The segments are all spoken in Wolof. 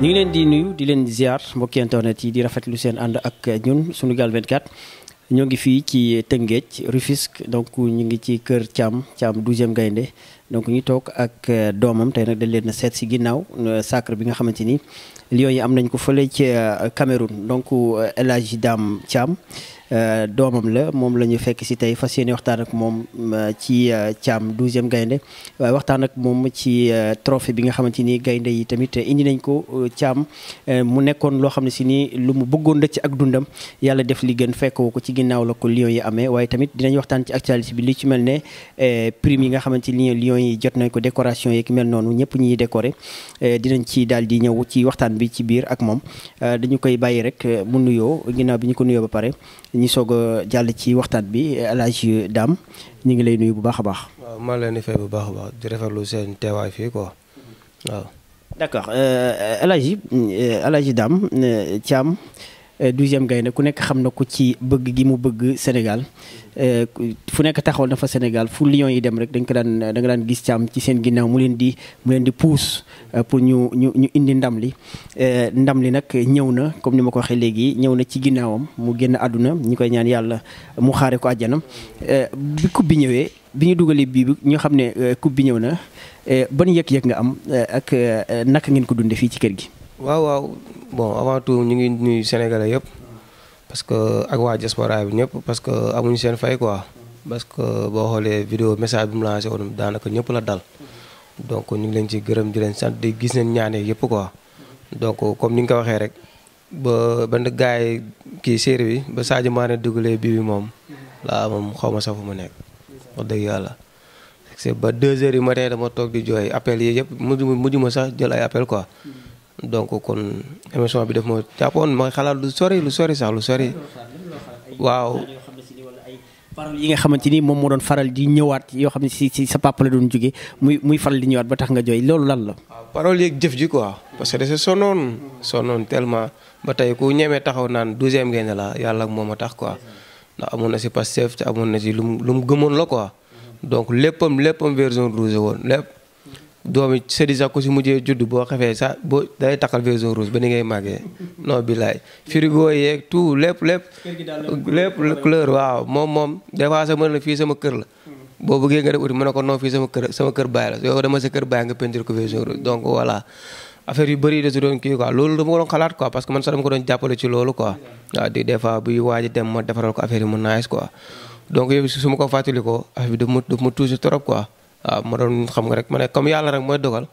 ñu ngi leen di nuyu di leen ziar mbokki internet yi di rafetlu seen ànd ak ñun Sunugal 24 ñoo ngi fii ci Tëngéej Rufisque donc ñu ngi ci kër Thiam caam 12 Gaynde donc ñu toog ak euh, doomam tey nag dañ leen a seet si ginnaaw euh, sacre bi nga xamante ni Lions yi am nañ ko fële ci euh, Cameroun donc El Hadji Dame Thiam Euh, doomam la moom la ñu fekk si tey fas yéene waxtaan ak moom euh, ci caam euh, douzième gaynde waaye waxtaan ak moom ci trophée bi nga xamante ni gaynde yi tamit indi nañ ko Thiam mu nekkoon loo xam ne si ni lu mu bëggoon dëcc ak dundam yàlla def li gën fekkoo ko ci ginnaaw la ko Lions yi amee waaye tamit dinañ waxtaan ci actualité bi li ci mel ne prime yi nga xamante ni Lions yi jot nañ ko décoration yeeg mel noonu ñëpp ñuy décoré dinañ ci daal di ñëw ci waxtaan bi ci biir ak moom dañu koy bàyyi rek mu nuyoo ginnaaw bi ñu ko nuyoo ba pare ñi soog a jàll ci waxtaan bi El Hadj ñu ngi lay nuyu bu baax a baax. waaw maa leen di fay bu baax a baax di rafetlu seen teewaay fii quoi waaw. d' accord euh, El Hadj euh, euh, Euh, douzième gaynde ku nekk xam na ko ci bëgg gi mu bëgg Sénégal euh, fu nekk taxawal na fa Sénégal fu lion yi dem rek dañ ko daan da nga daan gis Thiam ci seen ginnaaw mu leen di mu leen di puus euh, pour ñu ñu ñu indi ndam li ndam li nag ñëw na comme ni ma ko waxee léegi ñëw na ci ginnaawam mu génn àdduna ñu koy ñaan yàlla mu xaare ko àjjanam bi coupe bi ñëwee bi ñu dugalee bii bi ñu xam ne coupe bi ñëw na ban yëg-yëg nga am ak naka ngeen ko dunde fii ci kër gi. waaw waaw bon avant tout ñu ngi nuyu sénégalais yëpp parce que ak waa diaspora bi ñëpp parce que amuñu seen fay quoi parce que boo xoolee vidéo message bi mu lancé woon daanaka ñëpp la dal donc ñu ngi leen ci gërëm di leen sant di gis nañ ñaanee yëpp quoi donc comme ni nga ko waxee rek ba benn gars yi kii série bi ba Sadio Mané dugalee bii bi moom laa moom xaw ma sax fu mu nekk wax dëgg yàlla c'est ba deux heures yu matin dama toog di jooy appel yi yëpp mujj ma sax jël ay appel quoi donc kon émission bi def moo jàppoon ma xalaat lu sori lu sori sax lu sori. waaw. paroles yi nga xamante ni moom moo doon faral di ñëwaat yoo xam ne si si sa papa la doon jóge muy muy faral di ñëwaat ba tax nga jooy loolu lan la. waaw paroles jëf ji quoi. parce que da sonoon. sonoon tellement ba tey ku ñemee taxaw naan douzième gaynde la yàlla moom a tax quoi ndax amoon na si Pastef te amoon na si lu mu lu mu gëmoon la quoi. donc léppam léppam version rouge woon lépp. doomi sëriñ sax ko si mujjee judd boo xefee sax boo day takkal vaison rouge ba ni ngay màggee non billaay frigo yeeg tout lépp lépp lépp couleur waaw moom moom des fois sax mën la fii sama kër la hmm. boo bëggee nga def uti mën na ko non fii sama kër sama kër baay la yow dama sa kër baay nga peinture ko vaison rouge donc voilà affaire yu bëri da si doon kii quoi loolu dama ko doon xalaat quoi parce que man sax dama ko doon jàppale ci loolu quoi hmm. waaw di des fois buy waaji dem ma defaral ko affaire yi mu nice quoi quoi waaw ma doon xam nga rek ma ne comme yàlla rek mooy dogal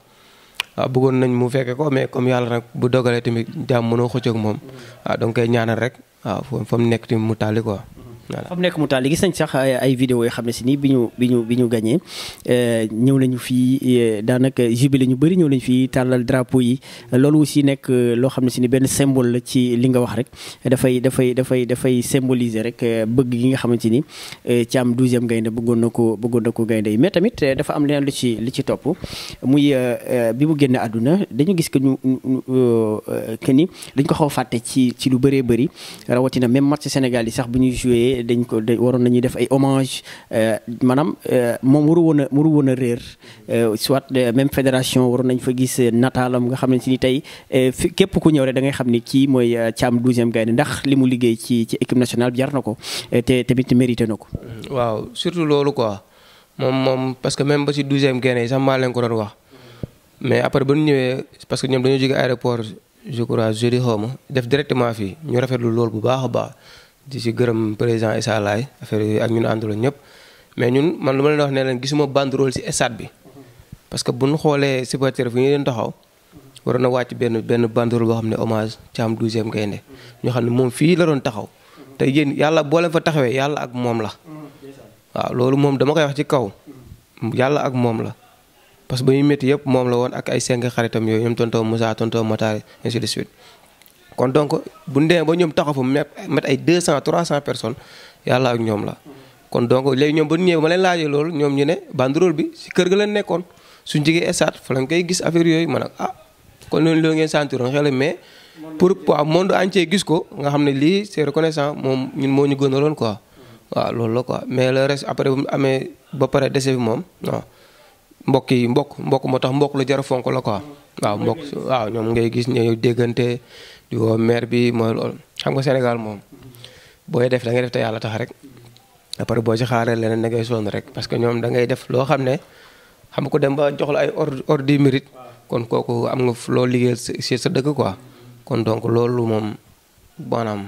waaw bëggoon nañ mu fekke ko mais comme yàlla nag bu dogalee tamit jaam mënoo xëcc ak moom mm-hmm. waaw donc koy ñaanal rek waaw fa mu nekk tamit mu tàlli quoi voilà fa mu nekk mu taal gis nañ sax ay vidéo yoo xam ne si nii bi ñu bi ñu bi ñu gagné euh, ñëw nañu fii euh, daanaka jubile ñu bëri ñëw lañu fii tàllal drapeau yi loolu aussi nekk euh, loo xam ne si ni benn symbole la ci li nga wax rek dafay dafay dafay dafay symboliser rek bëgg gi nga xamante ni Thiam am e gaynde bëggoon na ko bëggoon na ko gaynde yi mais tamit dafa am leen lu ci li ci topp muy bi mu génnee àdduna dañu gis que ñu que ni dañ ko xaw fàtte ci ci lu bëree bëri rawatina même match Sénégal yi sax ne dañ ko waroon nañuy def ay hommage euh, maanaam euh, moom waru woon a waru woon a réer euh, soit même fédération waroon nañ fa gis nataalam nga xam ne si ni tey fi képp ku ñëw rek da ngay xam ni kii mooy Thiam douzième Gaïndé ndax li mu liggéey ci ci équipe nationale bi jar na ko te tamit mérité na ko. waaw surtout loolu quoi moom moom parce que même ba si douzième Gaïndé yi sax maa leen ko doon wax mais après ba ñu ñëwee parce que ñoom dañoo jóge aéroport je crois jeudi ma def directement fii ñu rafetlu loolu bu baax baax. di si gërëm président Issa Laye affaire yooyu ak ñun àndaloon ñëpp mais ñun man lu ma leen wax ne leen gisuma banderole si stade bi parce que bu ñu xoolee supporter fu ñu leen taxaw waroon na wàcc benn benn banderole boo xam ne hommage Thiam 12e Gaïndé ñoo xam ne moom fii la doon taxaw te yéen yàlla boo leen fa taxawee yàlla ak moom la waaw loolu moom dama koy wax ci kaw yàlla ak moom la parce que ba ñu métti yëpp moom la woon ak ay cinq xaritam yooyu ñoom tonton Moussa tonton Matar ainsi de kon donc bu ñu ba ñoom taxaw fa met ay 200 cent personnes yàlla ak ñoom la. kon donc léegi ñoom ba ñëwee ma leen laajee loolu ñoom ñu ne banderole bi si kër ga la nekkoon suñ jigee stade fa lañ koy gis affaire yooyu ma ne ah kon loolu loolu ngeen sentiroon xel mais. pour waaw monde entier gis ko nga xam ne lii c'est reconnaissant moom ñun moo ñu gënaloon quoi. waaw loolu la quoi mais la reste après bu mu amee ba pare dese bi moom waaw mbokk yi mbokk mbokk moo tax mbokk lu jar a fonk la quoi. waaw mbokk ngay gis ñooy déggante. di woo maire bi mooy loolu xam nga Sénégal moom booy def da ngay def te yàlla tax rek après boo ci xaaree leneen da ngay sonn rek parce que ñoom da ngay def loo xam ne xam ko dem ba jox la ay ordre ordre du mérite kon kooku am nga loo liggéeyal si sa dëkk quoi kon donc loolu moom maanaam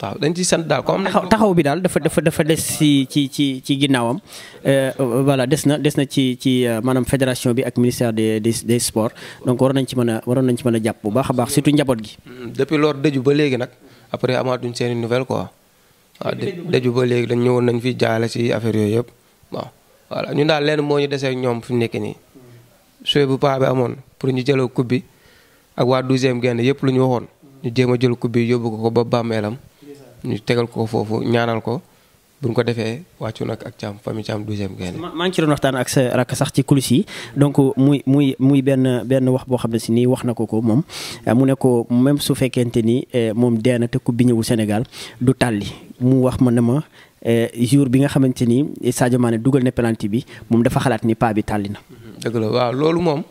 waaw dañ ciy sant daal comme taxaw bi daal dafa dafa dafa des ci ci ci ci ginnaawam euh, voilà des na des na ci ci euh, maanaam fédération bi ak ministère des des sports donc waroon nañ ci mën a waroon nañ ci mën a jàpp bu baax a baax surtout njaboot gi. Mm, depuis loolu dëju ba léegi nag après amaatuñ seeni nouvelle quoi. waaw dëju ba léegi dañ ñëwoon nañ fi jaale ci affaire yooyu yëpp bon ñu ñun daal leen moo ñu desee ñoom fi mu nekk nii. suy bu paa bi amoon pour ñu jëloo coupe bi ak waa douzième genn yëpp lu ñu waxoon ñu jéem a jël coupe yóbbu ko ko ba bàmmeelam ñu tegal ko foofu ñaanal ko bu ñu ko defee wàccu nag ak Thiam famille Thiam douzième gaynde maa ngi ci doon waxtaan ak sa rakk sax ci coulisses yi donc muy muy muy benn benn wax boo xam ne si ni wax na ko ko moom mu ne ko même su fekkente ni eh, moom dee na te ku bi ñëwul Sénégal du tàlli mu wax ma ne ma eh, jour bi nga xamante ni Sadio Mané dugal na penalty bi moom dafa xalaat ni paa bi tàlli na. dëgg la waaw loolu moom.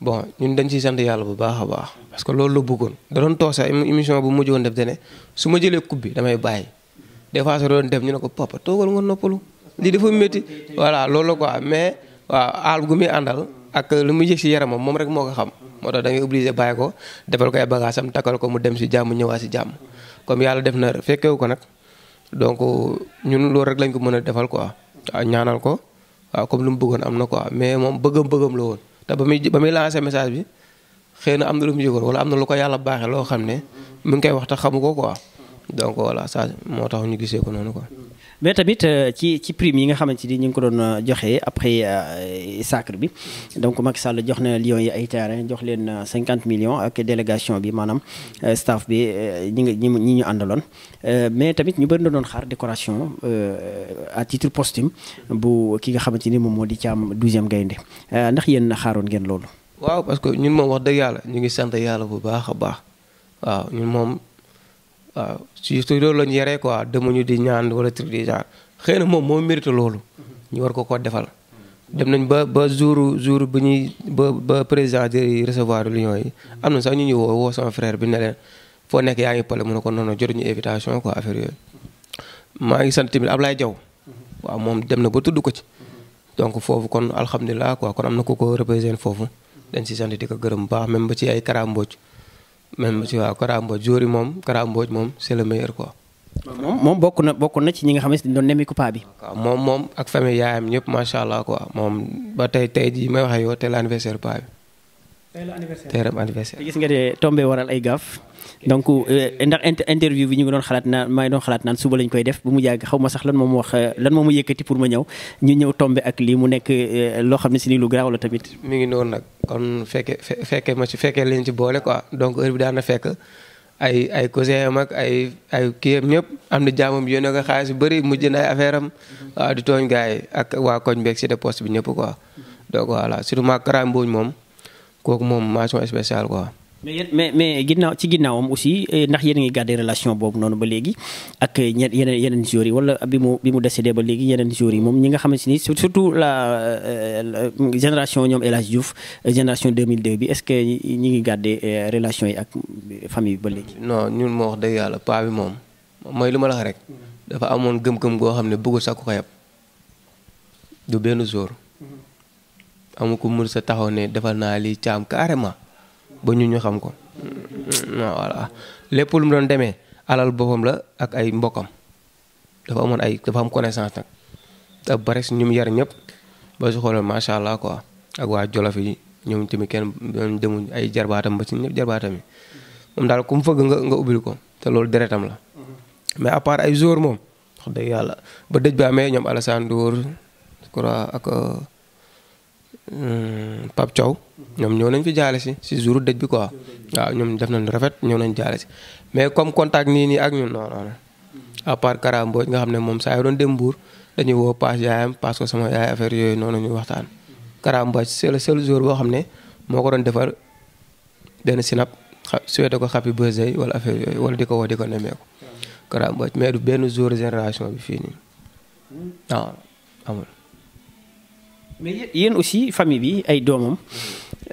bon ñun dañ ciy sant yàlla bu baax a baax parce que loolu la bëggoon da doon toog sax émission bu mujjoon def te ne su ma jëlee coupe bi damay bàyyi des fois sax doon def ñu ne ko papa toogal nga noppalu lii dafa métti voilà loolu quoi mais waaw aal gu muy àndal ak lu muy yëg ci yaramam moom rek moo ko xam moo tax da ngay ko defal ko ay bagage takkal ko mu dem ci jàmm ñëwaat ci jàmm comme yàlla def na fekkewu ko nag donc ñun loolu rek lañ ko mën a defal quoi waaw ñaanal ko waa comme lu mu bëggoon am na ko quoi mais moom bëggam bëggam la woon ndax ba muy ba muy lancé message bi xëy na am na lu mu yëgoon wala am na lu ko yàlla baaxee loo xam ne mu ngi koy wax te xamu ko quoi donc voilà ça moo tax ñu gisee ko noonu quoi. mais tamit euh, ci ci prime yi nga xamante ni ñu ngi ko doon euh, joxee après euh, sacre bi donc Macky Sall jox na Lions yi ay terrain jox leen cinquante millions ak délégation bi maanaam staff bi ñi nga ñi ñu àndaloon mais tamit ñu bëri na doon xaar décoration à titre posthume bu ki nga xamante ni moom moo di caam douzième gaynde ndax yéen xaaroon ngeen loolu. waaw parce que ñun moom wax dëgg yàlla ñu ngi sant yàlla bu baax a baax waaw ñun moom. waaw surtout loolu la ñu yaree quoi demuñu di ñaan wala truc du genre xëy na moom moo mérite loolu. ñu war ko koo defal. dem nañ ba ba jour jour ba ñuy ba ba président di recevoir Lions yi am na sax ñu ñu woo woo sama frère bi ne leen foo nekk yaa ngi pale mu ne ko noonu jotuñu invitation quoi affaire yooyu. maa ngi sant tamit Ablaye Diaw. waaw moom dem na ba tudd ko ci. donc foofu kon alhamdulilah quoi kon am na ko ko représenté foofu. dañ si sant di ko gërëm baax même ba ci ay karambooj même si waaw Kara Mbodj joori moom Kara Mbodj moom c'est le meilleur quoi. moom moom bokk na bokk na ci ñi nga xam ne dañu doon nemmiku paa bi. waaw moom moom ak famille yaayam ñëpp macha allah quoi moom ba tey tey jii may waxee yow tey la anniversaire paa bi. tey anniversaire tey gis nga de tombé waral ay gaaf. donc euh, ndax interview bi ñu ngi doon xalaat naan maa ngi doon xalaat naan suba lañ koy def bu mu yàgg xaw ma sax lan moom wax euh, lan moom mu yëkkati pour ma ñëw ñu ñëw tombé ak lii mu nekk euh, loo xam ne si nii lu garaaw la tamit. mi ngi noonu nag. kon fekke fekkee ma ci fekkee leen ci boole quoi donc heure bi daan fekk ay ay cousin am ak ay ay kii am ñëpp am na jaamam yónnee ko xaalis yu bëri mujj na ay affaire am waaw di tooñ gars ak waa koñ beeg si de poste bi ñëpp quoi donc voilà surtout maa Kara Mbodj moom kooku moom mention spéciale quoi. mais mais mais ginnaaw ci ginnaawam aussi eh, ndax yéen a ngi gardé relation boobu noonu ba léegi ak ñenn yeneen yeneen joueurs yi wala bi mu bi mu décédé ba léegi yeneen joueurs yi moom ñi nga xamante ni surtout euh, la génération ñoom El Hadj Diouf euh, génération 2002 bi est-ce que ñi ngi gardé euh, relation yi ak famille bi ba léegi. non ñun moo wax dëgg yàlla paa bi moom mooy lu ma la wax rek. dafa amoon gëm-gëm goo xam ne bëggul sakku xayab du benn jour. Mm-hmm. amu ko mën sa taxaw ne defal naa lii caam ba ñu ñu xam ko mm, voilà lu mu doon demee alal boppam la ak ay mbokkam dafa amoon ay dafa am connaissance nag te bare si ñu yar ñëpp ba su xoolee macha allah quoi ak waa jolof yi ñoom tamit kenn ay jarbaatam ba si ñëpp jarbaatam yi moom daal ku fëgg nga ubbil ko te loolu deretam la. mais à part ay jour moom ba dëj ba amee ñoom Alassane Dóor je crois ak. Euh, Pape Thiaw ñoom ñëw nañ fi jaale si si jouru dëj bi quoi waaw ñoom def nañ rafet ñëw nañ jaale si mais comme contact nii nii ak ñun non non à part nga xam ne moom saa yoo doon dem Mbour dañuy woo paas yaayam parce que sama yaay affaire yooyu noonu ñuy waxtaan. Kara Mbodj c'est le seul jour boo xam ne moo ko doon defar benn sinap xa suwete ko happy birthday wala affaire yooyu wala di ko woo di ko nemmeeku. Kara Mbodj mais du benn jour génération bi fii nii amul. mais yéen aussi famille bi ay doomam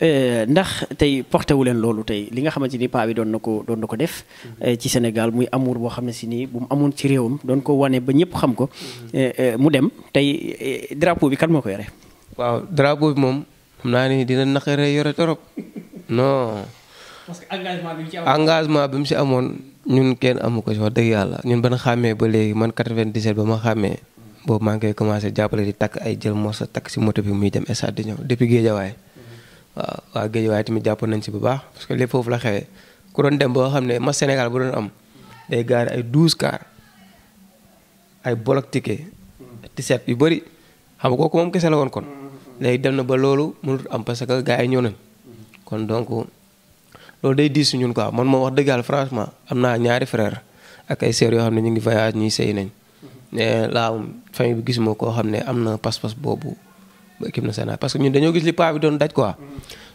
euh, ndax tey porté wu leen loolu tey li nga xamante ni paa bi doon na ko doon na ko def euh, ci Sénégal muy amour boo xam ne si nii bu mu amoon ci réewam doon ko wane ba ñëpp xam ko euh, mu dem tey drapeau bi kan moo ko yore. waaw drapeau bi moom xam naa ni dina naqaree yore torop non. que engagement bi mu ci amoon mu si amoon ñun kenn amu ko si wax dëgg yàlla ñun ban xàmmee ba léegi man 97 ba ma xàmmee. boobu maa ngi koy commencé jàppale di takk ay jël morso takk si moto bi muy dem stade di ñëw depuis géejawaay waaw waaw géejawaay tamit jàpp nañ si bu baax parce que lépp foofu la xewee ku doon dem boo xam ne ma Sénégal bu doon am day gaari ay douze car ay bolok yu bëri xam nga kooku moom kese la woon kon léegi dem na ba loolu mënut am parce que gars yi ñëw nañ kon donc loolu day diis ñun quoi man moom wax dëgg yàlla franchement am naa ñaari frère ak ay sœurs yoo xam ne ñu ngi voyage ñuy sëy nañ laa laaw famille bi gisuma koo xam ne am na pas-pas boobu ba équipe nationale parce que ñun dañoo gis li paa bi doon daj quoi.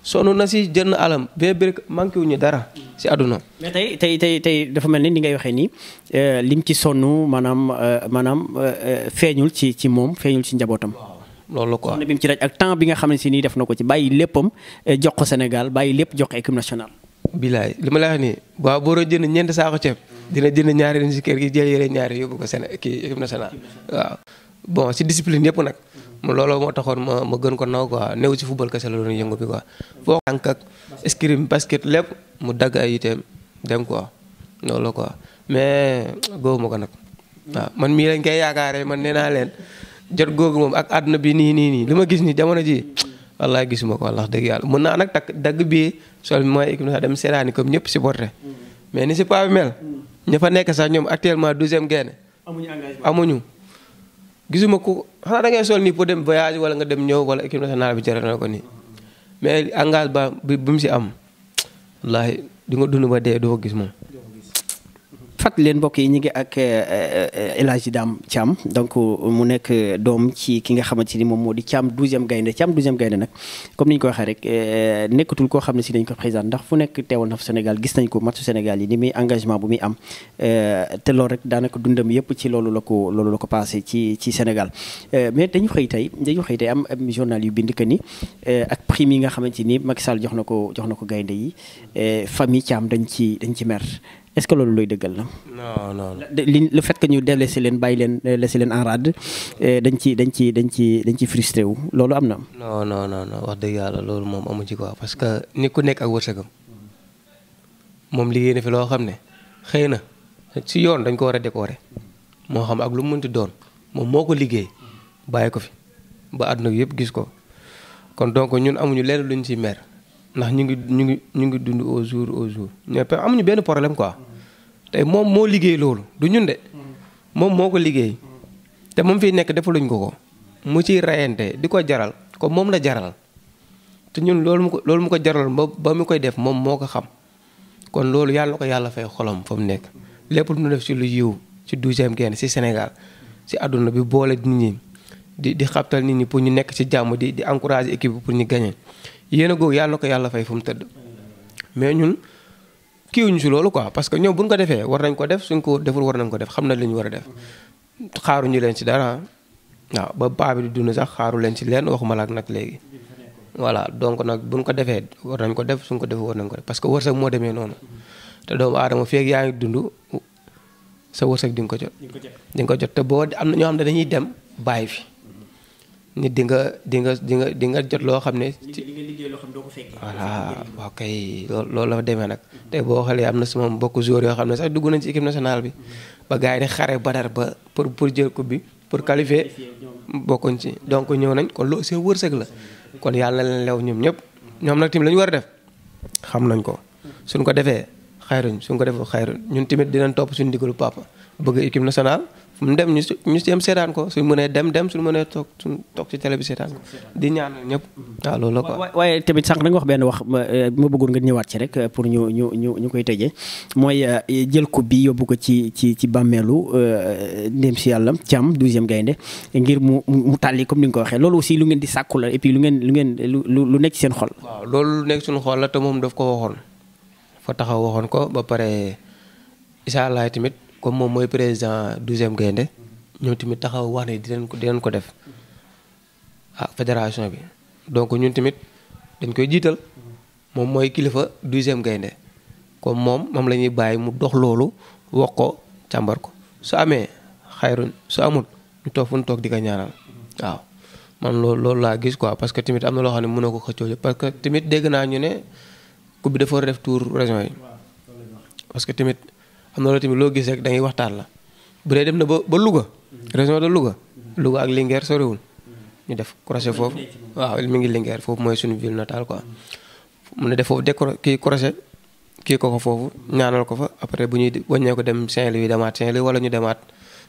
sonn na si jënn alam bee bëri manqué wuñu dara si àdduna. mais tey tey tey tey dafa mel ni ni ngay waxee nii euh, lim ci sonn maanaam euh, maanaam euh, feeñul ci ci moom feeñul ci njabootam. loolu quoi bi ci daj ak temps bi nga xam ne si nii def na ko ci bàyyi léppam jox ko Sénégal bàyyi lépp jox ko équipe nationale. li ma lay wax nii waaw boo jënd ñeenti saako ceeb. dina jënd ñaari ren si kër gi jël yeneen ñaari waaw bon si discipline yëpp nag looloo moo taxoon ma ma gën ko naw quoi néew si football kese la doon yëngu bi quoi foo tànk lépp mu dagg ay yiteem dem quoi loolu quoi mais ma ko nag waaw man mii lañ koy yaakaare man nee naa leen jot googu moom ak àdduna bi nii nii nii li ma gis nii jamono ji wallaay gisuma ko wax dëgg yàlla mun na nag takk dagg bii sol bi mooy équipe dem seetaani comme ñëpp supporté mais ni si pas mel ña fa nekk sax ñoom actuellement douzième gaynde amuñu engagement amuñu. gisuma ko xanaa da ngay sol nii pour dem voyage wala nga dem ñëw wala équipe nationale bi jaral la ko nii mais engagement bi bi mu si am wallaahi di nga dund ba dee doo gis moom. fat leen mbokk yi ñu ngi ak eh, eh, El Hadji Dame caam donc mu nekk doom ci ki nga xamante ni moom moo di Thiam douzième gaynde caam douzième gaynde nag comme ni ñu ko waxee rek eh, nekkatul koo xam ne si dañ ko président ndax fu nekk teewal na fa Sénégal gis nañ ko matchu Sénégal yi ni muy engagement bu muy am te lool rek daanaka dundam yëpp ci loolu la ko loolu la ko passé ci ci Sénégal mais dañu xëy tey dañu xëy tey am journal yu bind que ni ak prime yi nga xamante ni Macky jox na ko jox na ko gaynde yi famille Thiam dañ ci dañ ci mer est-ce que loolu looy dëggal la. lu fekk ñu le fait leen bàyyi leen euh, laissé leen en rade euh, dañ ci dañ ci dañ ci dañ ci frustré wu loolu am na. non non non wax dëgg yàlla loolu moom amu ci quoi parce que ni ku nekk ak wërsëgam moom liggéey na fi loo xam ne xëy na si yoon dañ ko war a décorer moo xam ak lu mënti doon moom moo ko liggéey bàyyi ko fi ba àdduna bi yëpp gis ko kon donc ñun amuñu lenn luñ ci mer. ndax ñu ngi ñu ngi ñu ngi dund au jour au jour ñëpp ñu benn problème quoi tey moom moo liggéey loolu du ñun de moom moo ko liggéey te moom fii nekk defaluñ ko ko mu ciy reyante di ko jaral ko moom la jaral te ñun loolu mu ko loolu mu ko jaral ba ba mu koy def moom moo ko xam kon loolu yàlla ko yàlla fay xolom fa mu nekk lépp lu mu def ci lu yiw ci douzième Gaïndé ci Sénégal ci adduna bi boole nit ñi di di xabtal nit ñi pour ñu nekk ci jàmm di di encourager équipe bi pour ñu gagner yéen a googu yàlla na ko yàlla fay fu mu tëdd mais ñun kiiwuñu si loolu quoi parce que bu buñ ko defee war nañ ko def suñ ko deful war nañ ko def xam na li ñu war a def xaaruñu leen si dara waaw ba paa bi di sax xaaru leen si leen waxuma la nag léegi. voilà donc nag buñ ko defee war nañ ko def suñ ko defee nañ ko def parce que wërsëg moo demee noonu te doomu aadama feeg yaa ngi dund sa wërsëg di nga ko jot. di nga ko jot te boo am na ñoo xam ne dañuy dem bàyyi fi. nit di nga di nga di nga di nga jot loo xam ne. ci li nga liggéey loolu la fa demee nag. te boo xoolee am na sama mbokku joueurs yoo xam ne sax dugg nañ ci équipe nationale bi. Mm-hmm. ba gars yi di xare badar ba pour pour jël ko bi pour qualifier bokkuñ ci donc ñëw nañ kon loolu seen wërsëg la. kon yàlla leen lew ñoom ñëpp. ñoom nag tamit la war a def xam nañ ko. suñ ko defee xayruñ suñ ko defee xayruñ ñun tamit dinañ topp suñ ndigalu papa bëgg équipe nationale. mu dem ñu si ñu si dem seetaan ko suñ mënee dem dem suñu mënee toog suñ toog si télé bi seetaan ko di ñaanal ñëpp. la waaye tamit sànq da wax benn wax eh, ma bëggoon nga ñëwaat ci rek eh, pour ñu ñu ñu ñu koy tëjee mooy eh, jël coupe bi yóbbu ko ci ci ci bàmmeelu ndem si yàlla Thiam douzième gaynde ngir mu mu tàlli comme ni nga ko waxee loolu aussi lu ngeen di sàkku la et lu ngeen lu ngeen lu lu nekk seen xol. waaw loolu lu nekk suñu xol la te moom daf ko waxoon fa taxaw waxoon ko ba pare incha allah tamit. comme moom mooy président douzième gaynde ñoom tamit taxaw wax ne dinañ ko dinañ ko def ah, fédération bi donc ñun tamit dañ koy jiital moom mooy kilifa douzième gaynde comme moom moom la ñuy bàyyi mu dox loolu wax ko càmbar ko su amee xayrun su amut ñu toog fu ñu toog di ko ñaanal waaw man loolu loolu laa gis quoi parce que tamit am na loo xam ne mun mënoo ko xëccoo yëpp parce que tamit dégg naa ñu ne coupe bi dafa région yi tamit xam na loolu tamit loo gis rek da waxtaan la bu dee dem na ba ba Louga région de Louga Louga ak Linguère sorewul ñu def crochet foofu waaw mi ngi Linguère foofu mooy suñu ville natale quoi mu ne def foofu décro kii crochet kii ko fa foofu ñaanal ko fa après bu ñuy wàññee ko dem Saint-Louis demaat Saint-Louis wala ñu demaat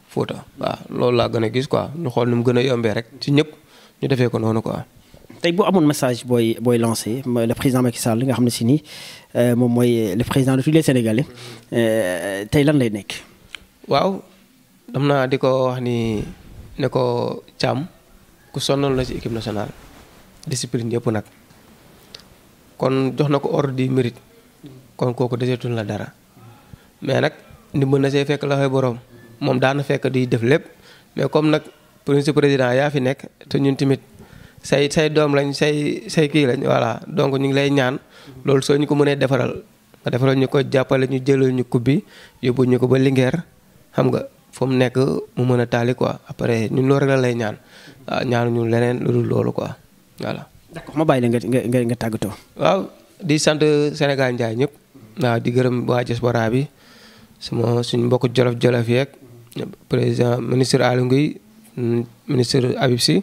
Fouta waaw loolu laa gën a gis quoi ñu xool nu mu gën a yombee rek ci ñëpp ñu defee ko noonu quoi tey bu amoon message booy booy lancé le président Macky Sall nga xam ne si nii euh, moom mooy le président de tous les Sénégalais euh, tey lan lay nekk. waaw dam naa di ko wax ni ne ko Thiam ku sonnoon la ci équipe nationale discipline yëpp nag kon jox na ko ordre du mérite kon kooku desetul la dara mais nag ndimbal na see fekk la xëy boroom moom daana fekk di def lépp mais comme nag premier président yaa fi nekk te ñun tamit. say say doom lañ say say kii lañ voilà donc ñu ngi lay ñaan loolu soo ñu ko mënee defaral nga defaral ñu ko jàppale ñu jëlal ñu coupe bi yóbbu ñu ko ba Linguère xam nga fu mu nekk mu mën a taali ko après ñun loolu rek la lay ñaan waaw ah, ñaanu ñu leneen lu dul loolu quoi voilà. ma bàyyi la nga nga nga tàggatoo. waaw di sant Sénégal Ndiaye ñëpp. waaw di gërëm waa diaspora bi sama suñu mbokku jolof jolof yeeg président ministre Aliou Ngouye ministre Habib Sy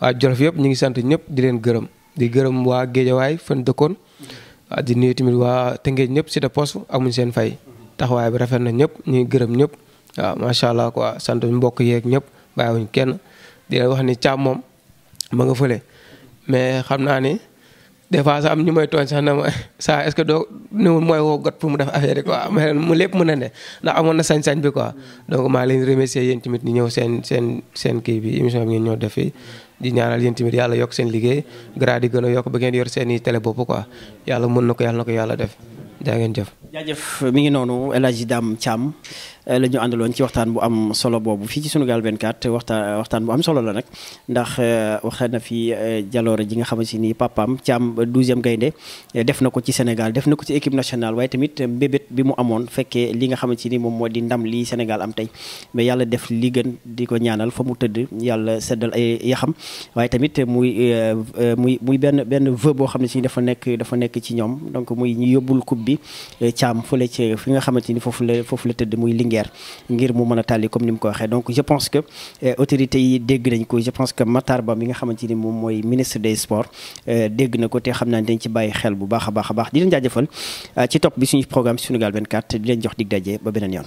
waa ah, Jolof yëpp ñu ngi sant ñëpp di leen gërëm di gërëm waa Géejawaay fan dëkkoon ah, di nuyu tamit waa te Tëngéej ñëpp si de poste amuñ seen fay taxawaay bi rafet na ñëpp ñu ngi gërëm ñëpp waaw ah, macha allah quoi sant mbokk yeeg ñëpp bàyyiwuñ kenn di leen wax ni càmm moom ma nga fële mais xam naa ni des fois sax am ñu may tooñ sax ne ma saa est-ce que doo niwul mooy woo got pour mu def affaire yi quoi mais mu lépp na amoon na sañ-sañ bi quoi donc maa leen remercier yéen ni ñëw seen seen seen kii bi émission bi ñëw def fii ñaanal yéen yàlla yokk seen liggéey grade yi yokk ba ngeen yor seen i bopp quoi yàlla mën na yàlla na yàlla def jaa jëf jaajëf ngi noonu El Hadji Dame la ñu àndaloon ci waxtaan bu am solo boobu fii ci Sunugal 24 waxtaan waxtaan bu am solo la nag ndax euh, waxee na fi euh, jaloore ji nga xam si ni papaam Thiam 12e gaynde def na ko ci Sénégal def na ko ci équipe nationale waaye tamit mbébét bi mu amoon fekkee li nga xamante ni moom moo di ndam li Sénégal am tey mais yàlla def li gën di ko ñaanal fa mu tëdd yàlla seddal ay yaxam waaye tamit muy euh, muy muy benn benn vœu boo xam ne si dafa nekk dafa nekk ci ñoom donc muy ñu yóbbul coupe bi Thiam fële ni foofu la foofu la tëdd muy Linguère guerre ngir mu mën a tàlli comme ni mu ko waxee donc je pense que euh, autorités yi dégg nañ ko je pense que Matar Ba mi nga xamante ni moom mooy ministre des sports euh, dégg na ko te xam naa dañ ci bàyyi xel bu baax a baax a baax di leen jaajëfal euh, ci topp bi suñu programme Sunugal 24 di leen jox dig daje ba beneen yoon